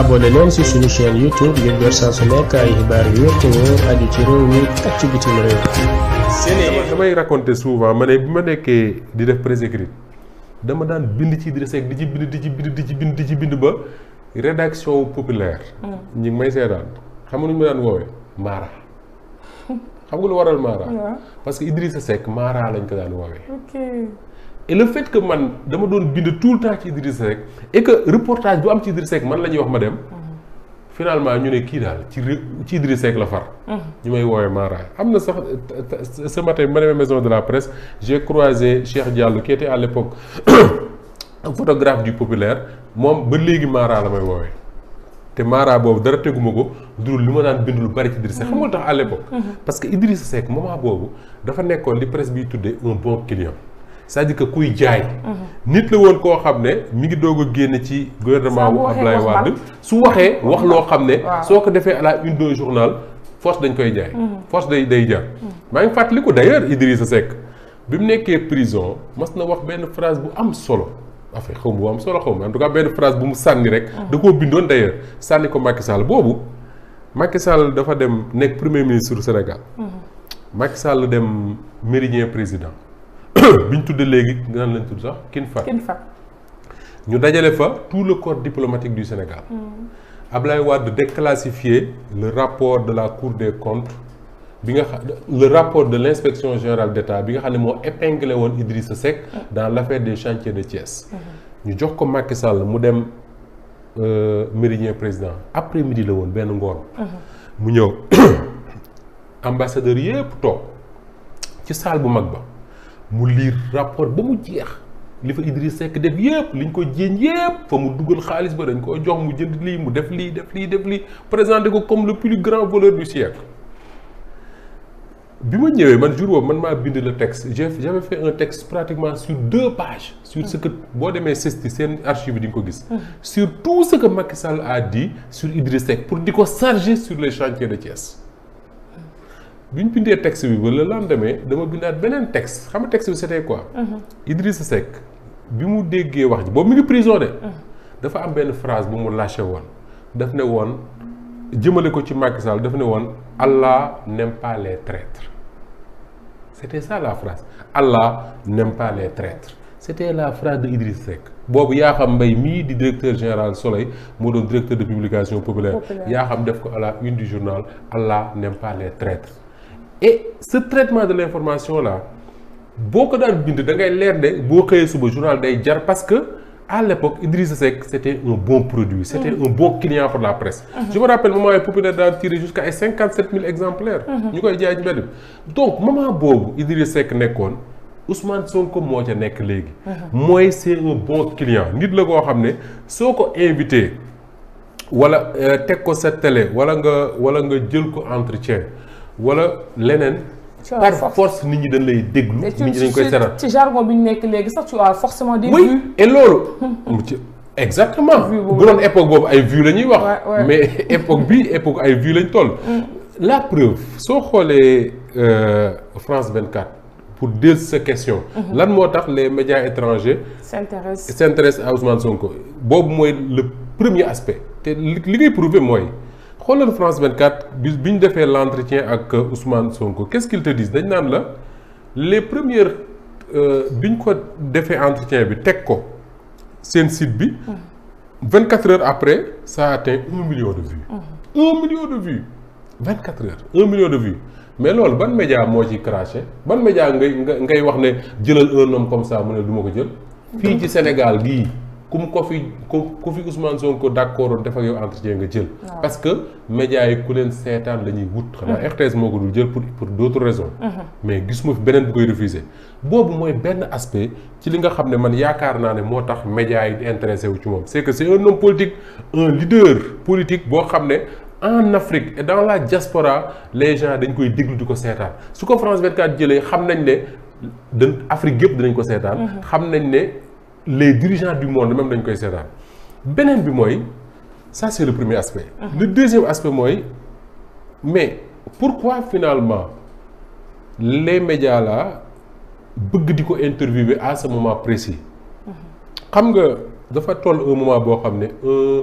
abonné leen ci suñu chaîne YouTube ngir jot saa su nekk ay xibaar yu wér te wóor aju ci réew mi ak ci bitim réew. damay raconter souvent ma ne bi ma nekkee di def presse dama daan bind ci Idrissa Seck di ci bind di ci bind di ci bind di ci bind ba rédaction populaire. Hmm. ñi may seetaan xam nga nu ñu ma daan woowee Mara. xam nga lu waral Mara. parce que Idrissa Seck Mara lañ ko daan woowee. et le fait que man dama doon bind tout le temps ci Idrissa Seck et que reportage bu am ci Idrissa Seck man la ñuy wax ma dem. finalement ñu ne kii daal ci ci Idrissa Seck la far. Mhm. ñu may woowee Mara am na sax ce matin ma demee maison de la presse j'ai croisé Cheikh jàll qui était à l'époque photographe du populaire moom ba léegi Mara la may woowee. te Mara boobu dara teguma ko dul li ma daan bind lu bari ci Idrissa Seck xam nga tax à l'époque. Mhm. parce que Idrissa Seck moment boobu dafa nekkoon li presse biy tuddee un bon c'est-à-dire kuy jaay. nit la woon koo xam ne mi ngi doog a génn ci gouvernement wu Abdoulaye Wade su waxee wax loo xam ne. soo ko defee à la une do journal force dañ koy jaay. Mhm. force day day jar. Mhm. maa ngi fàttaliku d'ailleurs Idrissa Seck bi mu nekkee prison mas na wax benn phrase bu am solo. affaire xaw ma bu am solo xaw ma en tout cas benn phrase bu mu sànni rek. Mhm. da koo bindoon d'ailleurs sànni ko Macky Sall boobu Macky Sall dafa dem nekk premier ministre du Sénégal. Macky Sall dem méridien président. bi ñu tuddee léegi naan lañ tudd sax KINFAT KINFAT ñu dajale fa tout le corps diplomatique du Sénégal mm. Ablaye Wade déclassifier le rapport de la Cour des comptes bi nga xam le rapport de l' inspection générale d' état bi nga xam ne moo épinglé woon Idrissa Seck mm. dans l' affaire des chantiers de Thiès mm-hmm. ñu jox ko Macky Sall mu dem euh, méridien président après midi la woon benn ngoon mm-hmm. mu ñëw ambassadeur yépp toog ci salle bu mag ba mu liir rapport ba mu jeex li fa Idriss Seck def yëpp liñ ko jéem yëpp fa mu dugal xaalis ba dañ koo jox mu jënd lii mu def lii def lii def lii présenté ko comme le plus grand voleur du siècle bi ma ñëwee man jour man maa bind le texte j' j'avais fait un texte pratiquement sur deux pages sur ce boo demee sesti seen archive di nga ko gis mmh. sur tout ce que Macky Sall a dit sur Idriss Seck pour di ko charger sur les chantiers de Thiès bi ñu bindee texte bi ba le lendemain dama bindaat beneen texte xam nga texte bi c'était quoi. Mhm. Idrissa Seck bi mu déggee wax ji boobu mi ngi prison de. Mhm. dafa am benn phrase bu mu lâché woon daf ne woon jëmale ko ci Macky Sall daf ne woon Allah n'aime pas les traîtres c'était ça la phrase Allah n'aime pas les traîtres la phrase de Idriss Seck boobu yaa xam mbay mii di directeur général Soleil moo doon directeur de publication populaire yaa xam def ko à la une du journal Allah n'aime les traîtres et ce traitement de l'information là boo ko daan bind da ngay leer ne boo xëyee suba journal day jar parce que à l'époque Idrissa Seck c'était un bon produit c'était mmh. bon client pour la presse mmh. je me rappelle moment yi populaire daan tiré jusqu'à ay cinquante sept mille mm-hmm. ñu koy jaay ci mbedd bi donc moment boobu Idrissa Seck nekkoon Ousmane moo ca nekk léegi mm-hmm. mooy c'est un bon client nit la koo xam ne soo ko invité wala euh, teg ko sa télé wala nga wala nga jël ko entretien wala leneen. par force nit ñi dañ lay déglu. nit ñi dañ koy seetaan ci jargon bi ñu nekk léegi sax tu as forcément des vues. oui et loolu. exactement bu doon époque boobu ay vues la ñuy wax. mais époque bi époque ay vues lañ toll. Mm. la preuve soo xoolee euh, France 24 pour dire sa question. Mm-hmm. lan moo tax les médias étrangers. s'intéressent s'intéressent à Ousmane Sonko boobu mooy le premier aspect te li li ngay prouver mooy. xoolal France 24 bis bi ñu defee l' ak euh, Ousmane Sonko qu' est ce qu' ils dañ naan la les premières euh, bi ñu ko defee entretien bi teg ko seen site bi. 24 heures après ça a atteint 1 million de vues. 1 mmh. million de vues 24 de vues. mais loolu ban média moo ci craché ban média nga ngay wax ne jëlal un homme comme ça mu ne du ma ko jël. fii ci Sénégal gii. ku mu ko fi ku ku fi Ousmane Sonko d'accordoon def ak yow entretien nga jël. parce que médias yi ku leen seetaan la ñuy wut. xanaa mm-hmm. RTS moo ko jël pour pour d'autres raisons. Mm-hmm. mais gisuma fi beneen bu koy boobu mooy benn aspect ci li nga xam ne man yaakaar naa ne moo tax médias yi intéressé wu ci moom c'est que c'est un politique boo xam ne. en Afrique et dans la diaspora les gens dañ koy déglu di ko seetaan su ko France 24 jëlee xam nañ ne dañ Afrique yëpp dinañ ko seetaan. Mm-hmm. xam nañ ne les dirigeants du monde même dañ koy seetaan beneen bi mooy ça c'est le premier aspect. Mmh. le deuxième aspect mooy mais pourquoi finalement les médias la bëgg di ko interviewer à ce moment précis. Mhm. xam nga dafa toll un moment boo xam ne un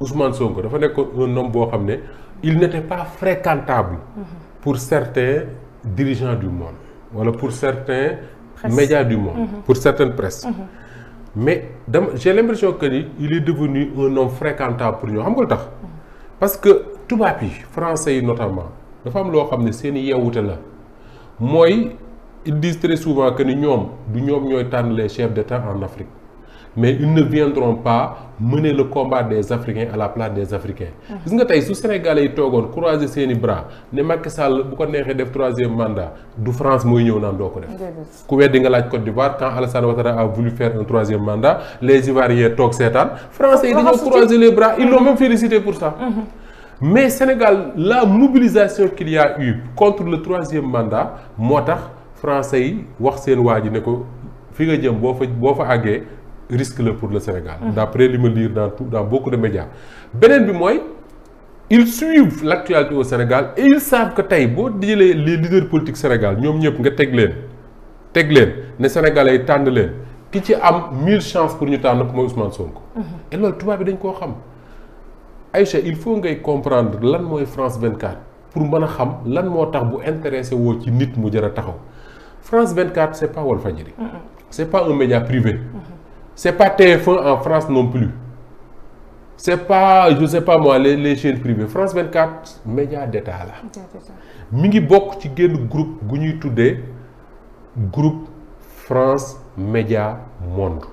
Ousmane Sonko dafa nekkoon un homme boo xam ne il n'était pas fréquentable. Mhm. pour certains dirigeants du monde. wala pour certains. Presse. médias du monde. Mmh. pour certaines presses. Mhm. mais dama j'ai l'impression que ni il est devenu fréquentat pour ñoo xam nga lu tax parce que tubaab yi français yi notamment dafa am loo xam ne seen i yeewute la mooy ils disent très souvent que ni ñoom du ñoom ñooy tànn les chefs d'État en Afrique mais ils ne viendront pas mener le combat des Africains à la plat des Africains. gis nga tey su Sénégalais yi toogoon croiser seeni i bras ne Macky Sall bu ko neexee def troisième mandat du France mooy ñëw naan doo ko def. ku weddi nga laaj Côte d'Ivoire quand Alassane Ouattara a voulu faire un troisième mandat les Ivoiriens toog seetaan. français yi dañoo croiser les bras ils l'ont mhm. même félicité pour ça. Mhm. mais Sénégal la mobilisation qu'il y contre le troisième mandat moo tax français yi wax seen waa ji ne ko fi nga jëm boo fa boo fa àggee. risque la pour le Sénégal. Mm-hmm. d'après li ma liir daan tout dans beaucoup de médias. beneen bi mooy ils lactual l'actualité au Sénégal et ils savent tey boo jëlee les leaders politiques Sénégal ñoom ñëpp nga teg leen teg leen ne Sénégalais yi tànn leen ki ci am mille chances pour ñu tànn ko mooy Ousmane Sonko. Mm-hmm. et loolu tubaab bi dañ koo xam. Aïcha il faut ngay comprendre lan mooy France 24 pour mën a xam lan moo tax bu intéressé woo ci nit mu jar a taxaw France 24 c'est pas Walfadjri. c'est c'est pas TF1 en France non plus c'est pas je sais pas moi les les chaînes privées France 24 média d'état la mi ngi bokk ci génn groupe gu ñuy tuddee groupe France Média Monde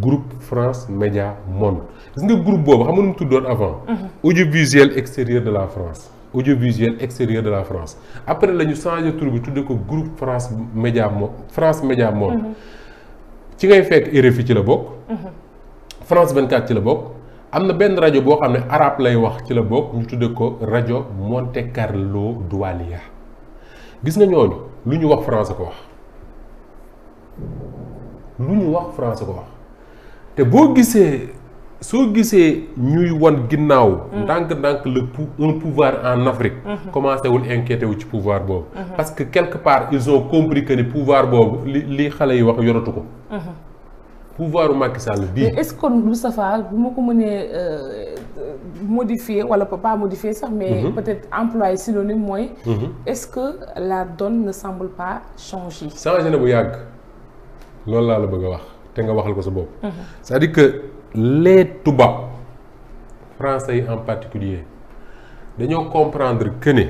groupe France Média Monde gis nga groupe boobu xam nga nu mu tuddoon avant mhm. audiovisuel extérieur de la France audiovisuel extérieur de la France après la ñu changé tur bi tudde ko groupe France Média Monde France Média Monde mhm. ci ngay fekk RFI ci la bokk. Mhm. France 24 ci la bokk. am na benn rajo boo xam ne arabe lay wax ci la bokk ñu tuddee ko rajo Monte Carlo Doualiya gis nga ñooñu lu ñu wax France ko wax lu ñu wax France ko wax te boo gisee. soo gisee ñuy wan ginnaaw. ndànk-ndànk le pou un pouvoir en Afrique. Mhm. commencé wul inquiété wu ci pouvoir boobu. Mhm. parce que quelque part ils ont compris que ni pouvoir boobu li xale yi wax yoratu ko. Mhm. pouvoir Macky Sall bii. mais est-ce que kon Moustapha bu ma ko mënee euh, modifier wala pas modifier sax. mais peut-être employé synonyme mooy. est-ce que la donne ne semble pas changer. changé na bu yàgg loolu laa la bëgg a wax te nga waxal ko sa bopp. les tubaab français yi en particulier dañoo comprendre que ne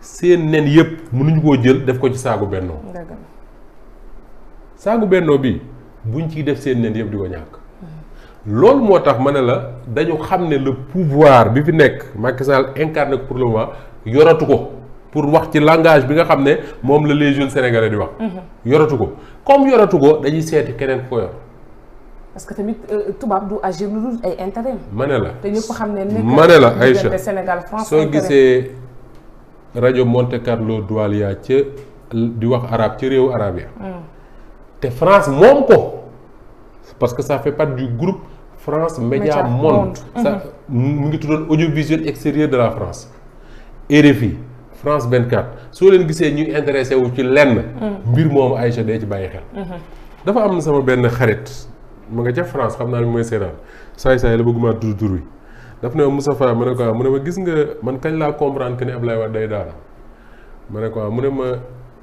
seen nen yëpp mënuñu koo jël def ko ci saagu bennoo saagu benno bi buñ ciy def seen nen yëpp di ko ñàkk loolu moo tax ma ne la dañu xam ne le pouvoir bi fi nekk Macky Sall pour le moment yoratu ko pour wax ci langage bi nga xam ne moom la les jeunes sénégalais di wax mhm. yoratu ko comme yoratu ko dañuy seeti keneen ko parce que tamit euh, tubaab du agir lu dul ay intérêt. ma ne la te xam ne nekk ma ne la Aïcha Sénégal France soo gisee rajo Monte Carlo Doualiya ca di wax arabe ci réew arabe ya hmm. te France moom ko parce que ça fait du groupe France Média Monde ça hmm. mu ngi tuddoon audiovisuel extérieur de la France fi France 24 soo leen gisee ñuy intéressé wu ci lenn hmm. mbir moomu Aïcha dee ci bàyyi xel dafa am sama benn xarit mu nga ca France xam naa ne mooy seetaan saay saay la bëgguma tudd tur wi daf ne Moustapha ma ne ko ah, mu ne ma gis nga man kañ laa comprendre que ne Ablaye Wade day daal ma ne ko ah, mu ne ma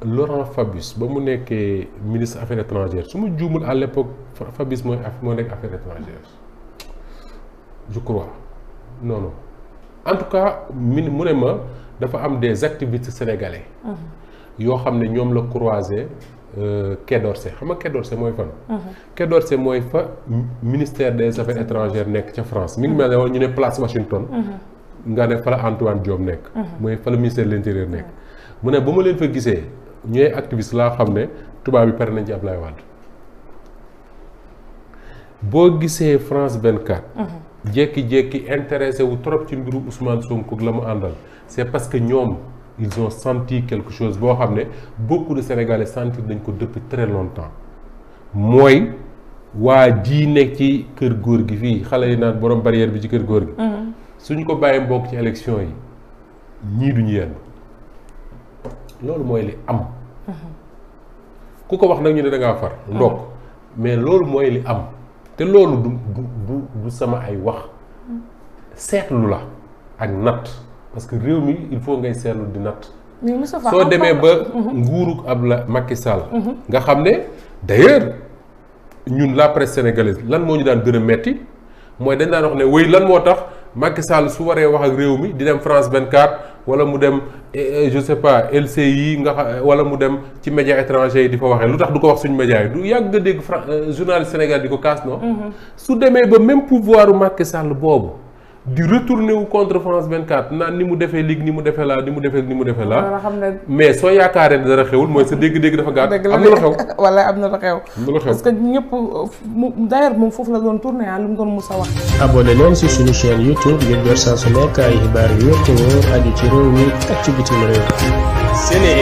Laurent Fabius ba mu nekkee ministre affaires étrangères su ma juumul à l'époque Fabius mooy moo nekk affaires étrangères je en tout cas mi mu ne ma dafa am des activités sénégalais mm-hmm. yoo xam ne ñoom la croisé Quai euh, d'Orsay xam ma Quai d'Orsay mooy fan. Quai uh-huh. d'Orsay mooy fa ministère des affaires étrangères nekk ca France mi ngi uh-huh. mel ne ñu ne place Washington. Uh-huh. nga ne fa la Antoine Diome nekk. mooy fa la ministère de l'intérieur nekk. mu ne ba ma leen fa gisee ñooy activiste laa xam ne tubaab bi pare nañ ci Ablaye Wade boo gisee France 24. jékki-jékki intéressé wu trop ci mbiru Ousmane Sonko la mu àndal c'est parce que ñoom. ils ont senti quelque chose boo xam ne beaucoup de sénégalais sentir dañ ko depuis très longtemps mooy waa jii nekk ci kër góor gi fii xale yi naan borom barrière bi ci kër góor gi. Mhm. suñ ko bàyyi mbokk ci élection yi ñii duñu yenn loolu mooy li am. Mhm. ku ko wax nag ñu ne da far. Mhm. ndokk mais loolu mooy li am te loolu du du du sama ay wax. seetlu la ak natt. parce que réew mi il faut ngay seetlu di natt. soo demee ba ab la makki Sall. Mhm. nga xam ne d'ailleurs ñun la presse sénégalaise lan moo ñu daan gën a metti mooy dañ daan wax ne wéy lan moo tax Macky Sall su waree wax ak réew mi di dem France 24 wala mu dem eh, eh, je sais pas LCI nga xam wala mu dem ci média étranger yi di fa waxee lu tax du ko wax suñu média yi du yàgg nga dégg Fra euh, journaliste Sénégal di ko kaas non mhm. su demee ba même pouvoir Macky Sall boobu. di retourné wu contre France 24 naan ni mu defee ligue ni mu defee laa ni mu defee ni mu defee laa. mais soo yaakaaree dara xewul mooy sa dégg-dégg dafa gàtt. am na am na lu xew. am na lu parce que ñëpp mu moom foofu la doon tourné ah lu mu doon Moussa wax. abonné leen si suñu chaîne YouTube ngir jot saa su nekk ay xibaar yu wér te ci réew mi ak ci réew.